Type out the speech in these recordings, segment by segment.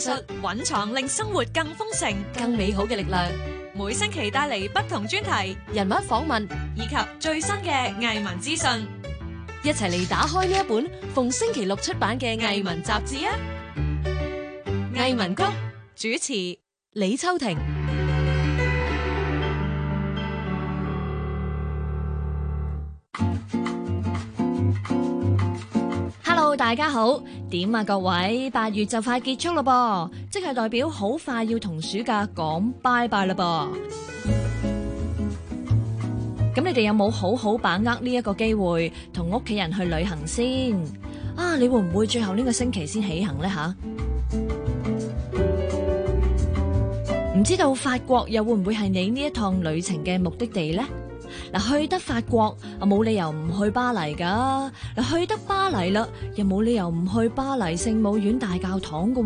蘊藏令生活更豐盛、更美好嘅力量，每星期帶嚟不同專題、人物訪問以及最新嘅藝文資訊，一齊嚟打開呢一本逢星期六出版嘅藝文雜誌啊！藝文谷主持李秋婷。大家好，點啊各位？八月就快結束喇噃，即係代表好快要同暑假講拜拜喇噃。咁你哋有冇好好把握呢一個機會，同屋企人去旅行先？啊，你會唔會最後呢個星期先起行呢？吓？唔知道法國又會唔會係你呢一趟旅程嘅目的地呢？嗱，去得法國，啊冇理由唔去巴黎噶。嗱，去得巴黎啦，又冇理由唔去巴黎聖母院大教堂噶。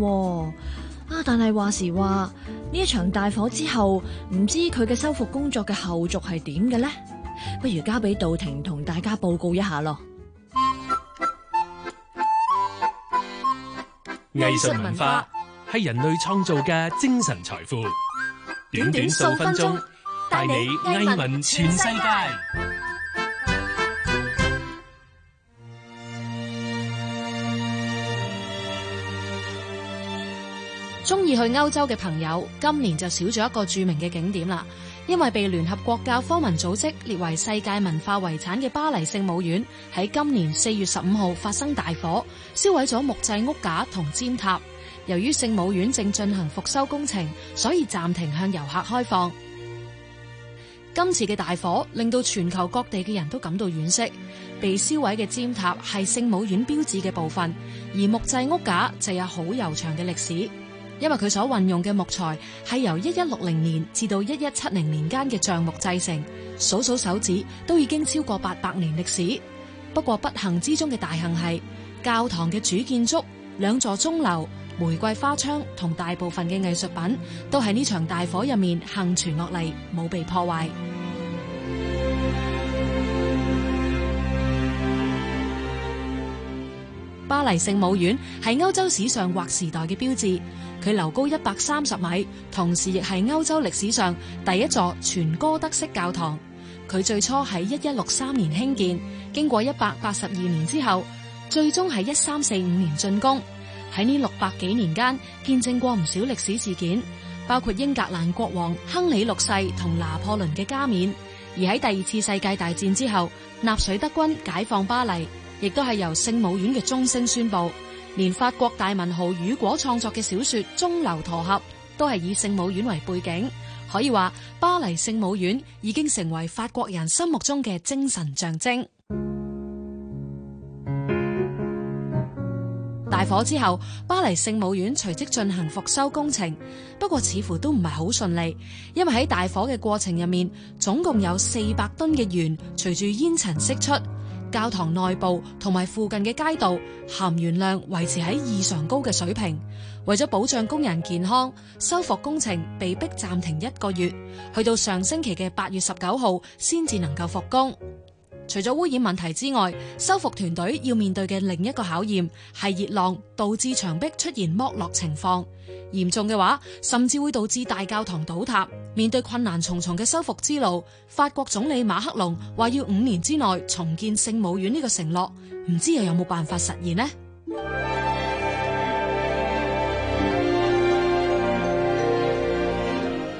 啊，但係話時話，呢一場大火之後，唔知佢嘅修復工作嘅後續係點嘅呢？不如交俾杜婷同大家報告一下咯。藝術文化係人類創造嘅精神財富。短短數分鐘。帶你慰問全世界。中意去歐洲嘅朋友，今年就少咗一個著名嘅景點啦，因為被聯合國教科文組織列為世界文化遺產嘅巴黎聖母院喺今年四月十五號發生大火，燒毀咗木製屋架同尖塔。由於聖母院正進行復修工程，所以暫停向遊客開放。今次嘅大火令到全球各地嘅人都感到惋惜。被燒毀嘅尖塔係聖母院標誌嘅部分，而木製屋架就有好悠長嘅歷史，因為佢所運用嘅木材係由一一六零年至到一一七零年間嘅橡木製成，數數手指都已經超過八百年歷史。不過不幸之中嘅大幸係教堂嘅主建築兩座鐘樓玫瑰花窗同大部分嘅藝術品都喺呢場大火入面幸存落嚟，冇被破壞。巴黎聖母院係歐洲史上劃時代嘅標誌，佢樓高一百三十米，同時亦係歐洲歷史上第一座全哥德式教堂。佢最初喺一一六三年興建，經過一百八十二年之後，最終喺一三四五年竣工。喺呢六百幾年間見證過唔少歷史事件，包括英格蘭國王亨利六世同拿破崙嘅加冕，而喺第二次世界大戰之後，納粹德軍解放巴黎，亦都係由聖母院嘅鐘聲宣布。連法國大文豪雨果創作嘅小說《鐘樓駝俠》都係以聖母院為背景，可以話巴黎聖母院已經成為法國人心目中嘅精神象徵。大火之後，巴黎聖母院隨即進行復修工程，不過似乎都唔係好順利，因為喺大火嘅過程入面，總共有四百噸嘅鉛隨住煙塵釋出，教堂內部同埋附近嘅街道含鉛量維持喺異常高嘅水平。為咗保障工人健康，修復工程被迫暫停一個月，去到上星期嘅八月十九號先至能夠復工。除咗污染問題之外，修復團隊要面對嘅另一個考驗係熱浪，導致牆壁出現剝落情況，嚴重嘅話甚至會導致大教堂倒塌。面對困難重重嘅修復之路，法國總理馬克龍話要五年之內重建聖母院呢個承諾，唔知又有冇辦法實現呢？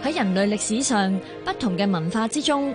喺人類歷史上，不同嘅文化之中，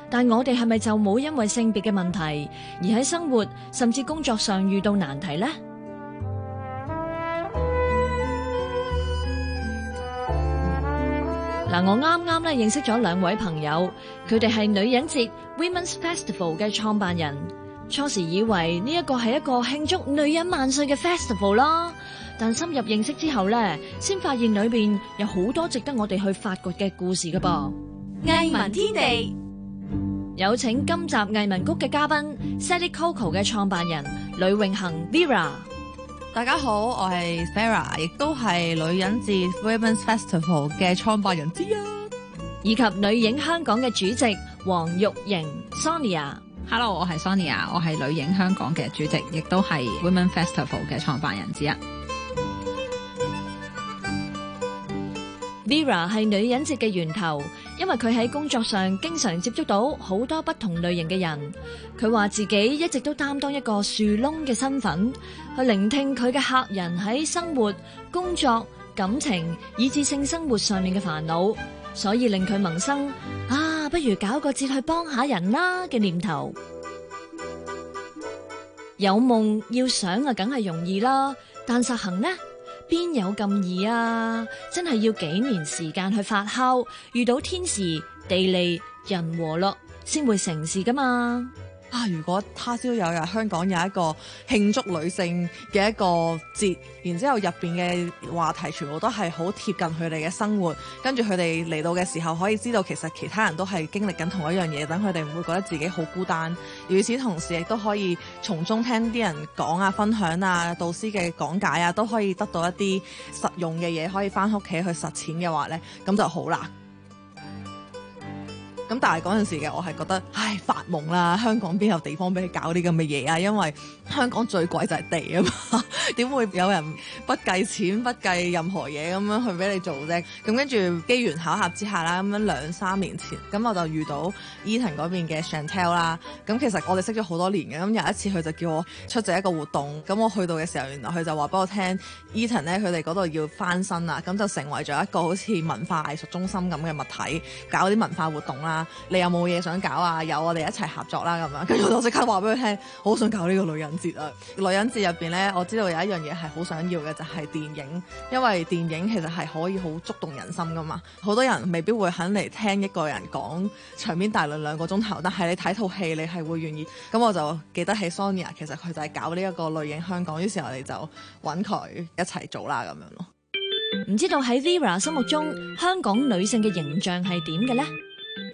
但我哋係咪就冇因為性別嘅問題而喺生活甚至工作上遇到難題呢？嗱， 我啱啱咧認識咗兩位朋友，佢哋係女人節 Women's Festival 嘅創辦人。初時以為呢一個係一個慶祝女人萬歲嘅 Festival 啦，但深入認識之後咧，先發現裏邊有好多值得我哋去發掘嘅故事噶噃。 藝文天地。有請今集藝文谷嘅嘉賓 Sally Coco 嘅創辦人呂穎恆 Vera，大家好，我係 Vera，亦都係女人節 Women’s Festival 嘅創辦人之一，以及女影香港嘅主席黃鈺螢 Sonia。Son Hello，我係 Sonia，我係女影香港嘅主席，亦都係 Women’s Festival 嘅創辦人之一。Vera 係女人節嘅源頭。因為佢喺工作上經常接觸到好多不同類型嘅人，佢話自己一直都擔當一個樹窿嘅身份，去聆聽佢嘅客人喺生活、工作、感情以至性生活上面嘅煩惱，所以令佢萌生啊，不如搞個節去幫下人啦嘅念頭。有夢要想啊，梗係容易啦，但實行呢？邊有咁易啊！真係要幾年時間去發酵，遇到天時地利人和咯，先會成事噶嘛。啊！如果他朝有日香港有一個慶祝女性嘅一個節，然之後入面嘅話題全部都係好貼近佢哋嘅生活，跟住佢哋嚟到嘅時候可以知道其實其他人都係經歷緊同一樣嘢，等佢哋唔會覺得自己好孤單。與此同時亦都可以從中聽啲人講啊、分享啊、導師嘅講解啊，都可以得到一啲實用嘅嘢，可以翻屋企去實踐嘅話呢，咁就好啦。咁但係嗰陣時嘅我係覺得，唉發夢啦！香港邊有地方俾你搞啲咁嘅嘢啊？因為香港最貴就係地啊嘛，點 會有人不計錢、不計任何嘢咁樣去俾你做啫？咁跟住機緣巧合之下啦，咁樣兩三年前，咁我就遇到伊藤嗰邊嘅 Chantel 啦。咁其實我哋識咗好多年嘅，咁有一次佢就叫我出席一個活動，咁我去到嘅時候，原來佢就話俾我聽，伊藤咧佢哋嗰度要翻新啊，咁就成為咗一個好似文化藝術中心咁嘅物體，搞啲文化活動啦。你有冇嘢想搞啊？有我哋一齊合作啦、啊，咁樣。跟住我即刻話俾佢聽，好想搞呢個女人節啊！女人節入邊呢，我知道有一樣嘢係好想要嘅，就係、是、電影，因為電影其實係可以好觸動人心噶嘛。好多人未必會肯嚟聽一個人講場面大論兩個鐘頭，但係你睇套戲，你係會願意。咁我就記得起 Sonia，其實佢就係搞呢一個類型香港。於是我哋就搵佢一齊做啦、啊，咁樣咯。唔知道喺 Vera 心目中，香港女性嘅形象係點嘅呢？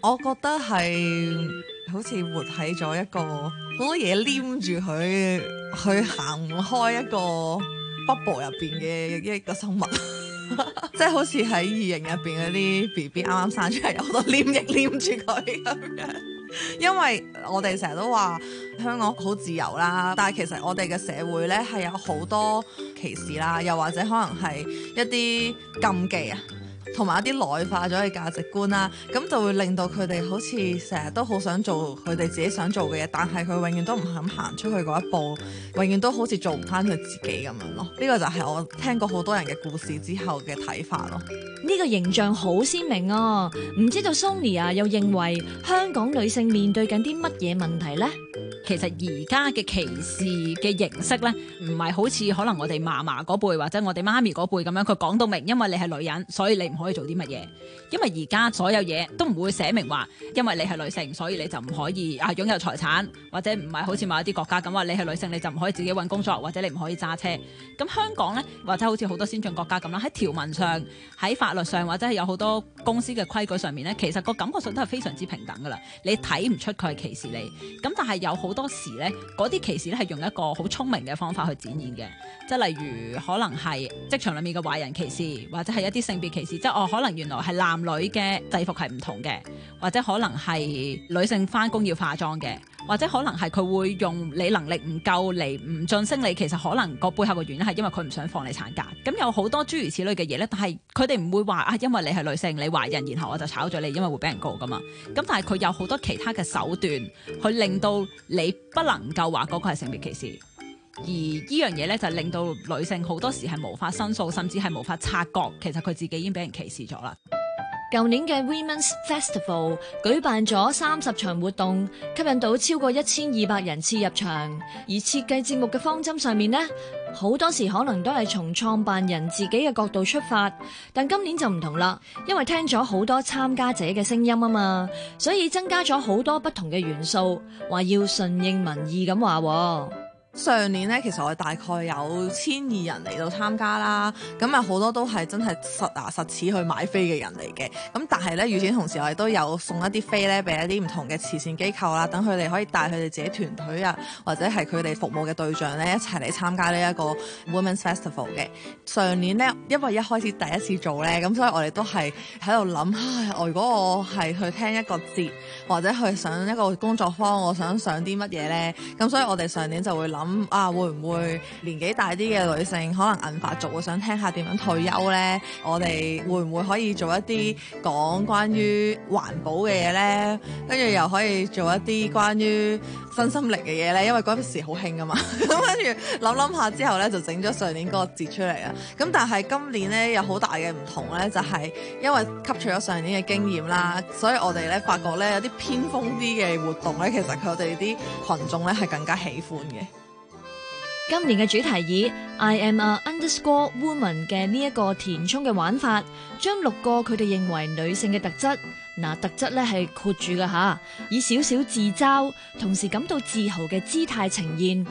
我覺得係好似活喺咗一個好多嘢，黏住佢，去行開一個 bubble 入邊嘅一個生物，即 係好似喺異形入邊嗰啲 B B 啱啱生出嚟，有好多黏液黏住佢咁樣。 因為我哋成日都話香港好自由啦，但係其實我哋嘅社會咧係有好多歧視啦，又或者可能係一啲禁忌啊。同埋一啲內化咗嘅價值觀啦，咁就會令到佢哋好似成日都好想做佢哋自己想做嘅嘢，但係佢永遠都唔肯行出去嗰一步，永遠都好似做唔翻佢自己咁樣咯。呢個就係我聽過好多人嘅故事之後嘅睇法咯。呢個形象好鮮明哦。唔知道 Sony 啊又認為香港女性面對緊啲乜嘢問題呢？其實而家嘅歧視嘅形式呢，唔係好似可能我哋嫲嫲嗰輩或者我哋媽咪嗰輩咁樣，佢講到明，因為你係女人，所以你，可以做啲乜嘢？因為而家所有嘢都唔會寫明話，因為你係女性，所以你就唔可以啊，擁有財產，或者唔係好似某一啲國家咁話，你係女性你就唔可以自己揾工作，或者你唔可以揸車。咁香港咧，或者好似好多先進國家咁啦，喺條文上、喺法律上或者係有好多公司嘅規矩上面咧，其實個感覺上都係非常之平等噶啦。你睇唔出佢係歧視你，咁但係有好多時咧，嗰啲歧視咧係用一個好聰明嘅方法去展現嘅，即係例如可能係職場裏面嘅壞人歧視，或者係一啲性別歧視。哦，可能原來係男女嘅制服係唔同嘅，或者可能係女性返工要化妝嘅，或者可能係佢會用你能力唔夠嚟唔晉升你，其實可能個背後嘅原因係因為佢唔想放你產假，咁、嗯、有好多諸如此類嘅嘢咧。但係佢哋唔會話啊，因為你係女性，你懷孕，然後我就炒咗你，因為會俾人告㗎嘛。咁、嗯、但係佢有好多其他嘅手段去令到你不能夠話嗰個係性別歧視。而呢樣嘢咧，就令到女性好多時係無法申訴，甚至係無法察覺，其實佢自己已經俾人歧視咗啦。舊年嘅 Women's Festival 舉辦咗三十場活動，吸引到超過一千二百人次入場。而設計節目嘅方針上面呢，好多時可能都係從創辦人自己嘅角度出發，但今年就唔同啦，因為聽咗好多參加者嘅聲音啊嘛，所以增加咗好多不同嘅元素，話要順應民意咁話。上年咧，其實我哋大概有千二人嚟到參加啦，咁啊好多都係真係實牙實齒去買飛嘅人嚟嘅。咁但係咧，與此同時，我哋都有送一啲飛咧，俾一啲唔同嘅慈善機構啦，等佢哋可以帶佢哋自己團隊啊，或者係佢哋服務嘅對象咧，一齊嚟參加呢一個 Women’s Festival 嘅。上年咧，因為一開始第一次做咧，咁所以我哋都係喺度諗，唉，如果我係去聽一個節，或者去上一個工作坊，我想上啲乜嘢咧？咁所以我哋上年就會諗。咁、嗯、啊，會唔會年紀大啲嘅女性可能銀髮族會想聽下點樣退休呢？我哋會唔會可以做一啲講關於環保嘅嘢呢？跟住又可以做一啲關於身心靈嘅嘢呢？因為嗰陣時好興噶嘛，咁跟住諗諗下之後呢，就整咗上年個個節出嚟啊。咁但係今年呢，有好大嘅唔同呢，就係、是、因為吸取咗上年嘅經驗啦，所以我哋呢，發覺呢，有啲偏鋒啲嘅活動呢，其實佢哋啲群眾呢，係更加喜歡嘅。今年嘅主題以 I am a underscore woman 嘅呢一個填充嘅玩法，將六個佢哋認為女性嘅特質，嗱特質咧係括住嘅吓，以少少自嘲，同時感到自豪嘅姿態呈現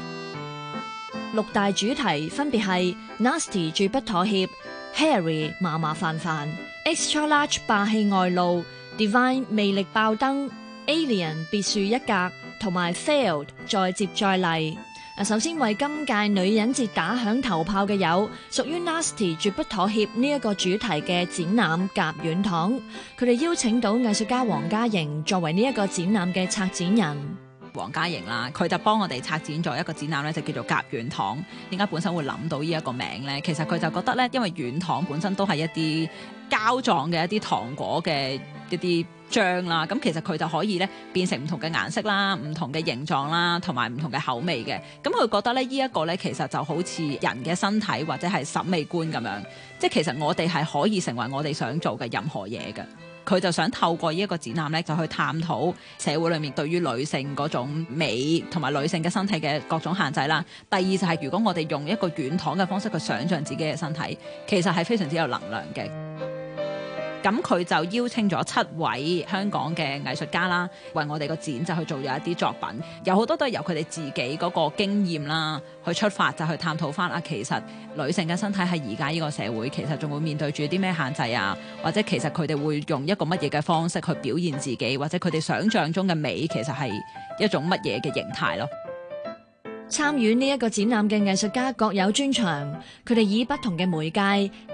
六大主題，分別係 nasty 最不妥協，Hairy 麻麻煩煩，extra large 霸氣外露，divine 魅力爆燈，alien 別樹一格，同埋 failed 再接再厲。首先為今屆女人節打響頭炮嘅有屬於 Nasty 絕不妥協呢一個主題嘅展覽甲軟糖。佢哋邀請到藝術家黃嘉瑩作為呢一個展覽嘅策展人黃嘉瑩，啦，佢就幫我哋策展咗一個展覽咧，就叫做甲軟糖。點解本身會諗到呢一個名咧？其實佢就覺得咧，因為軟糖本身都係一啲膠狀嘅一啲糖果嘅。一啲醬啦，咁其實佢就可以咧，變成唔同嘅顏色啦、唔同嘅形狀啦，同埋唔同嘅口味嘅。咁佢覺得咧，呢一個咧其實就好似人嘅身體或者係審美觀咁樣，即係其實我哋係可以成為我哋想做嘅任何嘢嘅。佢就想透過呢一個展覽咧，就去探討社會裏面對於女性嗰種美同埋女性嘅身體嘅各種限制啦。第二就係如果我哋用一個軟糖嘅方式去想象自己嘅身體，其實係非常之有能量嘅。咁佢就邀請咗七位香港嘅藝術家啦，為我哋個展就去做咗一啲作品，有好多都係由佢哋自己嗰個經驗啦去出發，就去探討返啊，其實女性嘅身體喺而家呢個社會其實仲會面對住啲咩限制啊，或者其實佢哋會用一個乜嘢嘅方式去表現自己，或者佢哋想像中嘅美其實係一種乜嘢嘅形態咯。參與呢一個展覽嘅藝術家各有專長，佢哋以不同嘅媒介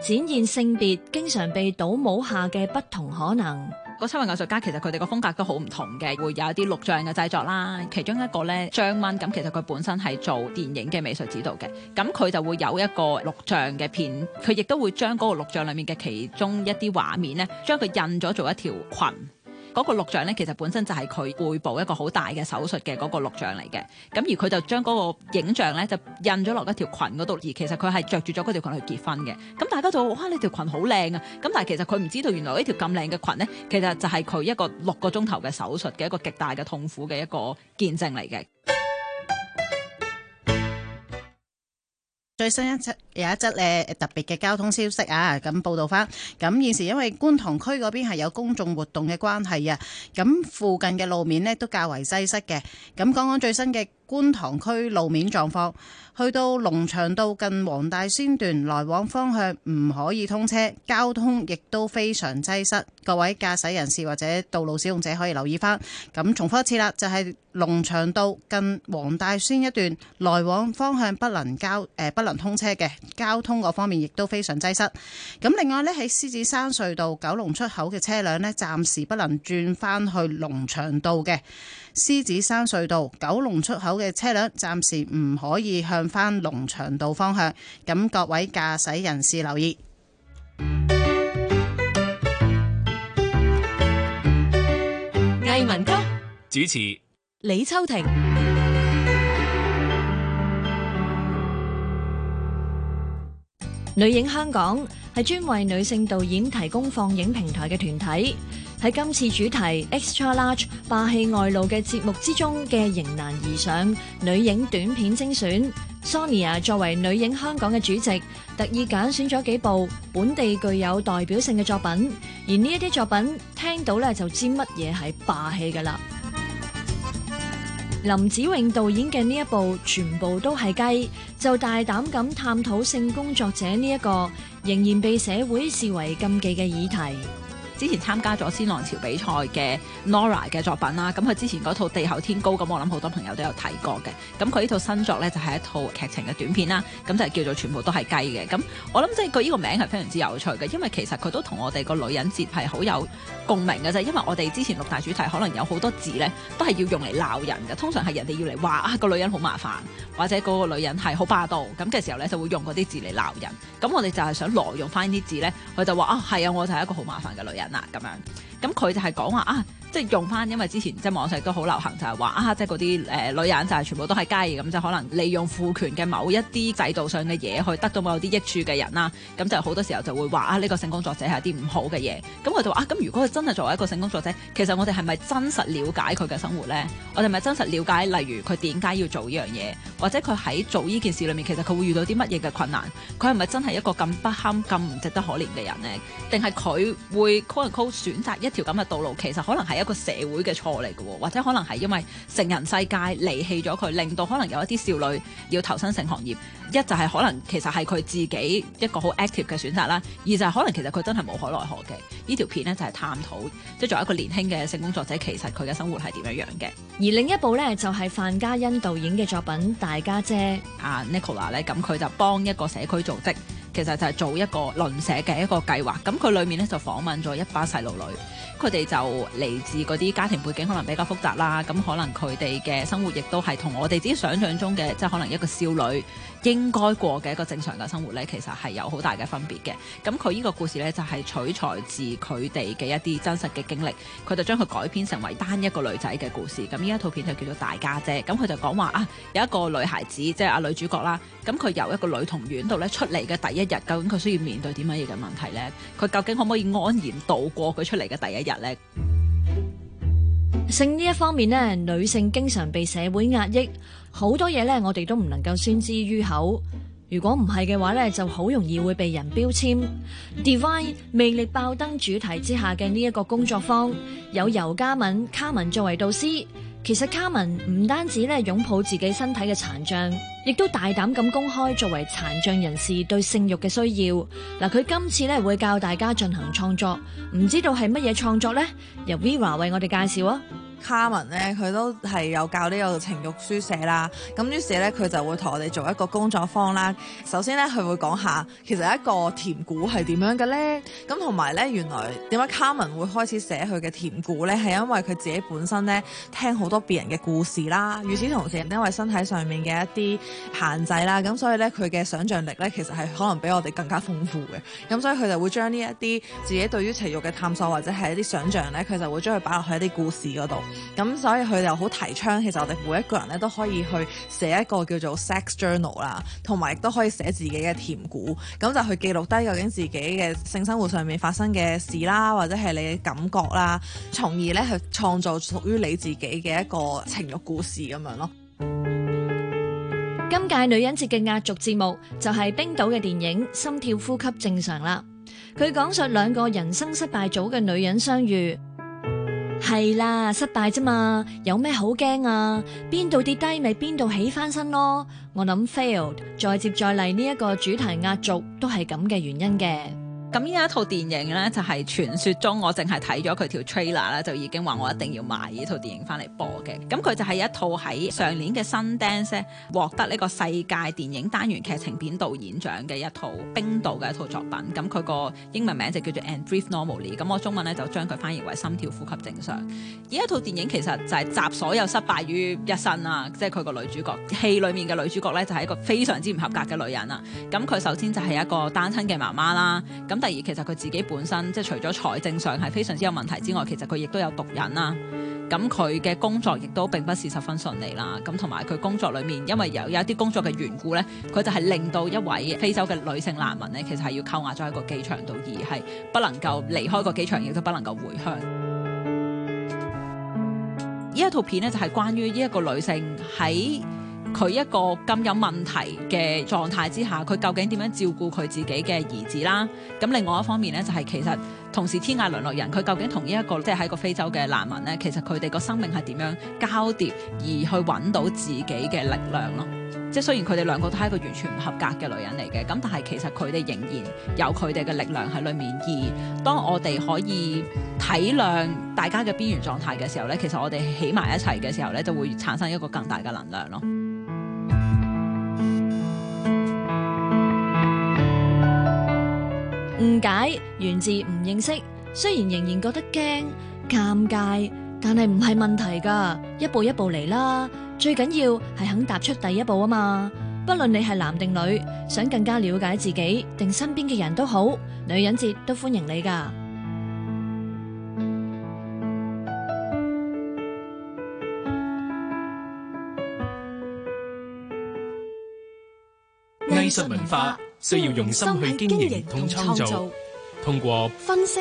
展現性別經常被倒模下嘅不同可能。個七位藝術家其實佢哋個風格都好唔同嘅，會有一啲錄像嘅製作啦。其中一個咧，張蚊，咁其實佢本身係做電影嘅美術指導嘅，咁佢就會有一個錄像嘅片，佢亦都會將嗰個錄像裏面嘅其中一啲畫面咧，將佢印咗做一條裙。嗰個錄像咧，其實本身就係佢背部一個好大嘅手術嘅嗰個錄像嚟嘅。咁而佢就將嗰個影像咧，就印咗落嗰條裙嗰度。而其實佢係着住咗嗰條裙去結婚嘅。咁大家就哇，呢條裙好靚啊！咁但係其實佢唔知道，原來呢條咁靚嘅裙咧，其實就係佢一個六個鐘頭嘅手術嘅一個極大嘅痛苦嘅一個見證嚟嘅。最新一則有一則咧特別嘅交通消息啊，咁報道翻。咁現時因為觀塘區嗰邊係有公眾活動嘅關係啊，咁附近嘅路面呢都較為擠塞嘅。咁講講最新嘅觀塘區路面狀況，去到龍翔道近黃大仙段來往方向唔可以通車，交通亦都非常擠塞。各位駕駛人士或者道路使用者可以留意翻。咁重複一次啦，就係、是。龍翔道近黃大仙一段來往方向不能交誒，不能通車嘅交通嗰方面亦都非常擠塞。咁另外呢喺獅子山隧道九龍出口嘅車輛呢，暫時不能轉翻去龍翔道嘅獅子山隧道九龍出口嘅車輛暫時唔可以向翻龍翔道方向。咁各位駕駛人士留意。藝文谷主持。李秋婷，女影香港係專為女性導演提供放映平台嘅團體。喺今次主題《Extra Large》霸氣外露嘅節目之中嘅迎難而上女影短片精選，Sonia 作為女影香港嘅主席，特意揀選咗幾部本地具有代表性嘅作品。而呢一啲作品，聽到咧就知乜嘢係霸氣噶啦。林子穎導演嘅呢一部全部都係雞，就大膽咁探討性工作者呢、這、一個仍然被社會視為禁忌嘅議題。之前參加咗《先浪潮》比賽嘅 Nora 嘅作品啦，咁佢之前嗰套《地厚天高》咁，我諗好多朋友都有睇過嘅。咁佢呢套新作呢，就係一套劇情嘅短片啦，咁就係叫做《全部都係雞》嘅。咁我諗即係佢呢個名係非常之有趣嘅，因為其實佢都同我哋個女人節係好有共鳴嘅啫。因為我哋之前六大主題可能有好多字呢，都係要用嚟鬧人嘅。通常係人哋要嚟話啊個女人好麻煩，或者嗰個女人係好霸道咁嘅時候呢，就會用嗰啲字嚟鬧人。咁我哋就係想挪用翻啲字呢，佢就話啊係啊，我就係一個好麻煩嘅女人。嗱，咁樣。咁佢就係講話啊，即係用翻，因為之前即係網上都好流行，就係話啊，即係嗰啲女人就係全部都係雞，咁就可能利用父權嘅某一啲制度上嘅嘢，去得到某啲益處嘅人啦。咁就好多時候就會話啊，呢個性工作者係啲唔好嘅嘢。咁佢就話啊，咁如果佢真係作為一個性工作者，其實我哋係咪真實了解佢嘅生活呢？我哋咪真實了解，例如佢點解要做呢樣嘢，或者佢喺做呢件事裏面，其實佢會遇到啲乜嘢嘅困難？佢係咪真係一個咁不堪、咁唔值得可憐嘅人呢？定係佢會可能選擇一條咁嘅道路其實可能係一個社會嘅錯嚟嘅，或者可能係因為成人世界離棄咗佢，令到可能有一啲少女要投身性行業。一就係可能其實係佢自己一個好 active 嘅選擇啦，二就係可能其實佢真係無可奈何嘅。呢條片呢就係、是、探討，即係作為一個年輕嘅性工作者，其實佢嘅生活係點樣樣嘅。而另一部呢，就係、是、范家欣導演嘅作品《大家姐,姐》啊 Nicola 咧，咁佢就幫一個社區組織。其實就係做一個鄰舍嘅一個計劃，咁佢裏面呢就訪問咗一班細路女，佢哋就嚟自嗰啲家庭背景可能比較複雜啦，咁可能佢哋嘅生活亦都係同我哋自己想像中嘅，即係可能一個少女應該過嘅一個正常嘅生活呢，其實係有好大嘅分別嘅。咁佢呢個故事呢，就係取材自佢哋嘅一啲真實嘅經歷，佢就將佢改編成為單一個女仔嘅故事。咁呢一套片就叫做《大家姐》那說說，咁佢就講話啊，有一個女孩子即係啊女主角啦，咁佢由一個女童院度呢出嚟嘅第一一日究竟佢需要面對點樣嘢嘅問題呢？佢究竟可唔可以安然度過佢出嚟嘅第一日呢？性呢一方面咧，女性經常被社會壓抑，好多嘢呢我哋都唔能夠宣之於口。如果唔係嘅話呢，就好容易會被人標籤。Divine 魅力爆燈主題之下嘅呢一個工作坊，有尤嘉敏、卡文作為導師。其實卡文唔單止咧，擁抱自己身體嘅殘障，亦都大膽咁公開作為殘障人士對性慾嘅需要。嗱，佢今次咧，會教大家進行創作，唔知道係乜嘢創作咧？由 Vera 為我哋介紹啊！Carmen 咧，佢都係有教呢個情慾書寫啦。咁於是咧，佢就會同我哋做一個工作坊啦。首先咧，佢會講下其實一個甜故係點樣嘅咧。咁同埋咧，原來點解 Carmen 會開始寫佢嘅甜故咧，係因為佢自己本身咧聽好多別人嘅故事啦。與此同時，因為身體上面嘅一啲限制啦，咁所以咧佢嘅想像力咧，其實係可能比我哋更加豐富嘅。咁所以佢就會將呢一啲自己對於情慾嘅探索或者係一啲想像咧，佢就會將佢擺落去一啲故事嗰度。咁所以佢哋又好提倡，其實我哋每一個人咧都可以去寫一個叫做 sex journal 啦，同埋亦都可以寫自己嘅甜谷，咁就去記錄低究竟自己嘅性生活上面發生嘅事啦，或者係你嘅感覺啦，從而咧去創造屬於你自己嘅一個情慾故事咁樣咯。今屆女人節嘅壓軸節目就係冰島嘅電影《心跳呼吸正常》啦，佢講述兩個人生失敗組嘅女人相遇。係啦，失敗咋嘛，有咩好驚呀？邊度跌低咪邊度起返身咯。我諗 failed 再接再厲呢一個主題壓軸都係咁嘅原因嘅。咁呢一套電影咧，就係、是、傳説中我淨係睇咗佢條 trailer 啦，就已經話我一定要買呢套電影翻嚟播嘅。咁佢就係一套喺上年嘅 Sundance 獲得呢個世界電影單元劇情片導演獎嘅一套冰島嘅一套作品。咁佢個英文名就叫做 And Breathe Normally。咁我中文咧就將佢翻譯為心跳呼吸正常。呢一套電影其實就係集所有失敗於一身啦、啊，即係佢個女主角戲裏面嘅女主角咧就係、是、一個非常之唔合格嘅女人啦、啊。咁佢首先就係一個單親嘅媽媽啦、啊，咁。第二，其實佢自己本身即係除咗財政上係非常之有問題之外，其實佢亦都有毒癮啦。咁佢嘅工作亦都並不是十分順利啦。咁同埋佢工作裏面，因為有有一啲工作嘅緣故咧，佢就係令到一位非洲嘅女性難民咧，其實係要扣押咗喺個機場度，而係不能夠離開個機場，亦都不能夠回鄉。呢一套片咧，就係關於呢一個女性喺佢一個咁有問題嘅狀態之下，佢究竟點樣照顧佢自己嘅兒子啦？咁另外一方面呢，就係、是、其實同時天涯淪落人，佢究竟同呢一個即係喺個非洲嘅難民呢，其實佢哋個生命係點樣交疊，而去揾到自己嘅力量咯。即係雖然佢哋兩個都係一個完全唔合格嘅女人嚟嘅，咁但係其實佢哋仍然有佢哋嘅力量喺裏面。而當我哋可以體諒大家嘅邊緣狀態嘅時候呢，其實我哋起埋一齊嘅時候呢，就會產生一個更大嘅能量咯。誤解源自唔認識，雖然仍然覺得驚、尷尬，但係唔係問題㗎，一步一步嚟啦。最緊要係肯踏出第一步吖嘛！不論你係男定女，想更加了解自己定身邊嘅人都好，女人節都歡迎你㗎。藝術文化。需要用心去經營同創造，通過分析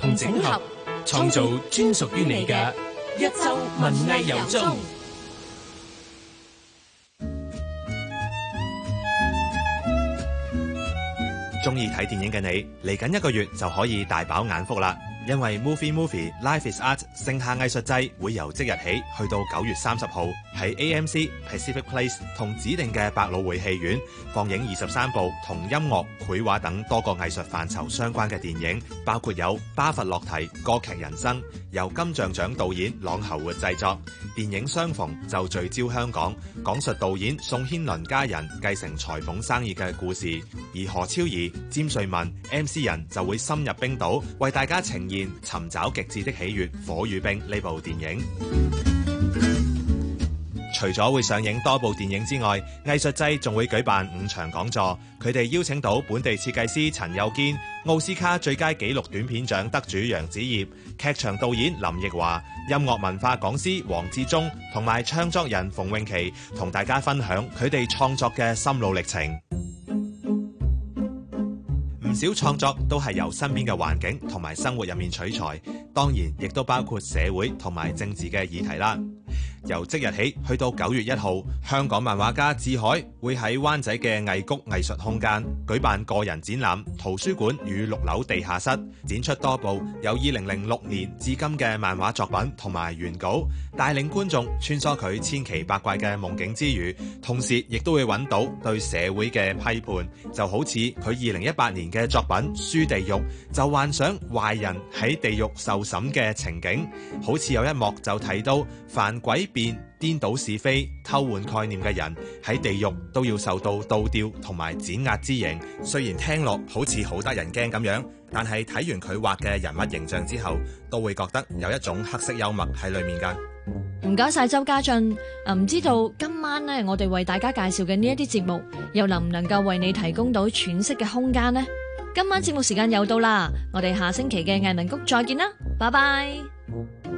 同整合，創造專屬於你嘅一周文藝遊蹤。鍾意睇電影嘅你，嚟緊一個月就可以大飽眼福啦！因為 Movie Movie Life is Art，盛夏藝術祭會由即日起去到九月三十號，喺 AMC Pacific Place 同指定嘅百老匯戲院放映二十三部同音樂、繪畫等多個藝術範疇相關嘅電影，包括有《巴伐洛提歌劇人生》，由金像獎導演朗侯活嘅製作；電影《相逢》就聚焦香港，講述導演宋軒倫家人繼承裁縫生意嘅故事，而何超儀、詹瑞文、MC 人就會深入冰島，為大家呈現。尋找極致的喜悅，《火與冰》呢部電影。除咗會上映多部電影之外，藝術祭仲會舉辦五場講座。佢哋邀請到本地設計師陳幼堅、奧斯卡最佳紀錄短片獎得主楊紫燁、劇場導演林奕華、音樂文化講師黃志淙同埋唱作人馮穎琪，同大家分享佢哋創作嘅心路歷程。小創作都係由身邊嘅環境同埋生活入面取材，當然亦都包括社會同埋政治嘅議題啦。由即日起去到九月一號，香港漫畫家智海會喺灣仔嘅藝谷藝術空間舉辦個人展覽。圖書館與六樓地下室展出多部由二零零六年至今嘅漫畫作品同埋原稿，帶領觀眾穿梭佢千奇百怪嘅夢境之餘，同時亦都會揾到對社會嘅批判。就好似佢二零一八年嘅作品《書地獄》，就幻想壞人喺地獄受審嘅情景，好似有一幕就睇到犯鬼。顛倒是非、偷換概念嘅人喺地獄都要受到倒吊同埋碾壓之刑。雖然聽落好似好得人驚咁樣，但係睇完佢畫嘅人物形象之後，都會覺得有一種黑色幽默喺裏面噶。唔該晒周家俊。啊，唔知道今晚呢，我哋為大家介紹嘅呢一啲節目，又能唔能夠為你提供到喘息嘅空間呢？今晚節目時間又到啦，我哋下星期嘅藝文谷再見啦，拜拜。